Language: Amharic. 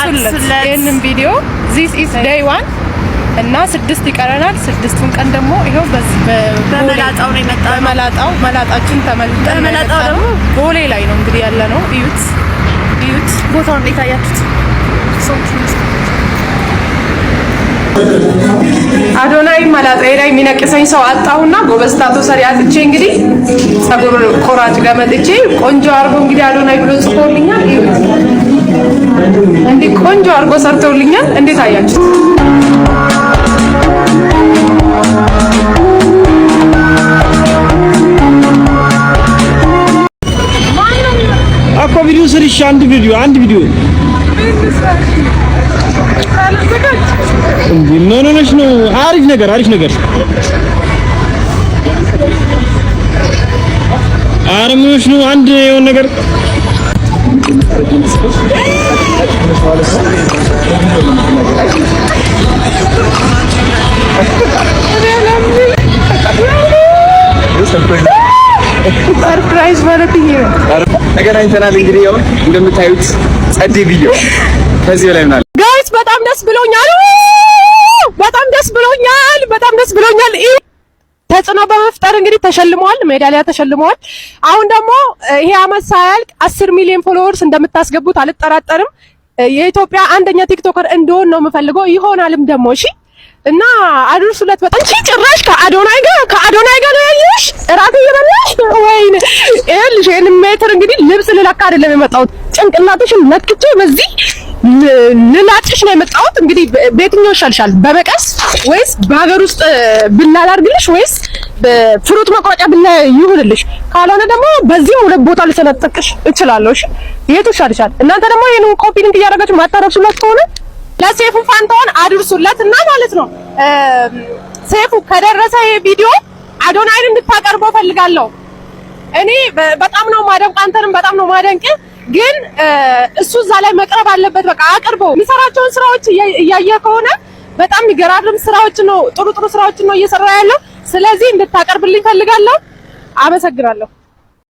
አድርሱለት ይህንን ቪዲዮ ዚስ ኢዝ ዴይ ዋን እና ስድስት ይቀረናል። ስድስቱን ቀን ደግሞ ይኸው በመላጣው ነው የመጣው። በመላጣው መላጣችን ተመልጠን በመላጣው ደግሞ ቦሌ ላይ ነው እንግዲህ ያለ ነው። እዩት እዩት፣ ቦታውን እንዴት አያችሁት? አዶናይ መላጣ ላይ የሚነቅሰኝ ሰው አጣሁና ጎበዝ ታቶ ሰሪ አጥቼ እንግዲህ ጸጉር ቆራጭ ጋር መጥቼ ቆንጆ አድርጎ እንግዲህ አዶናይ ብሎ ጽፎልኛል። እንዴ ቆንጆ አድርጎ ሰርተውልኛል። እንዴት አያችሁ? አኳ ቪዲዮ ስር አንድ ቪዲዮ አንድ ቪዲዮ ምን ሆነሽ ነው? አሪፍ ነገር አሪፍ ነገር። ኧረ ምን ሆነሽ ነው? አንድ የሆነ ነገር ሰርፕራይዝ ማለት ተገናኝተናል እንግዲህ ያው እንደምታዩት ጸዴ ብዬው ከዚህ ላይ ምናለ ተጽዕኖ በመፍጠር እንግዲህ ተሸልመዋል፣ ሜዳሊያ ተሸልመዋል። አሁን ደግሞ ይሄ አመት ሳያልቅ አስር ሚሊዮን ፎሎወርስ እንደምታስገቡት አልጠራጠርም። የኢትዮጵያ አንደኛ ቲክቶከር እንደሆን ነው የምፈልገው። ይሆናልም ደግሞ እሺ። እና አድርሱለት በጣም እሺ። ጭራሽ ከአዶናይ ጋር ከአዶናይ ጋር ነው ያለሽ፣ እራት እየበላሽ ወይኔ። ይኸውልሽ ይሄን ሜትር እንግዲህ ልብስ ልለካ አይደለም የመጣሁት ጭንቅላትሽን ነክቼ በዚህ መርጨሽ ነው የመጣሁት። እንግዲህ በየትኛው ይሻልሻል? በመቀስ ወይስ በሀገር ውስጥ ብላ ላድርግልሽ ወይስ ፍሩት መቁረጫ ብላ ይሁንልሽ? ካልሆነ ደግሞ በዚህም ሁለት ቦታ ልሰነጥቅሽ እችላለሁ። እሺ የቱ ይሻልሻል? እናንተ ደግሞ ይሄን ኮፒ ሊንክ እያደረጋችሁ ማታረሱላት ከሆነ ለሴፉ ፋንታውን አድርሱላት እና ማለት ነው ሴፉ ከደረሰ ይሄ ቪዲዮ አዶናይን እንድታቀርበው ፈልጋለሁ። እኔ በጣም ነው ማደንቅ፣ አንተንም በጣም ነው ማደንቅ ግን እሱ እዛ ላይ መቅረብ አለበት። በቃ አቅርበው የሚሰራቸውን ስራዎች እያየ ከሆነ በጣም የሚገራርም ስራዎች ነው፣ ጥሩ ጥሩ ስራዎች ነው እየሰራ ያለው። ስለዚህ እንድታቀርብልኝ ፈልጋለሁ። አመሰግናለሁ።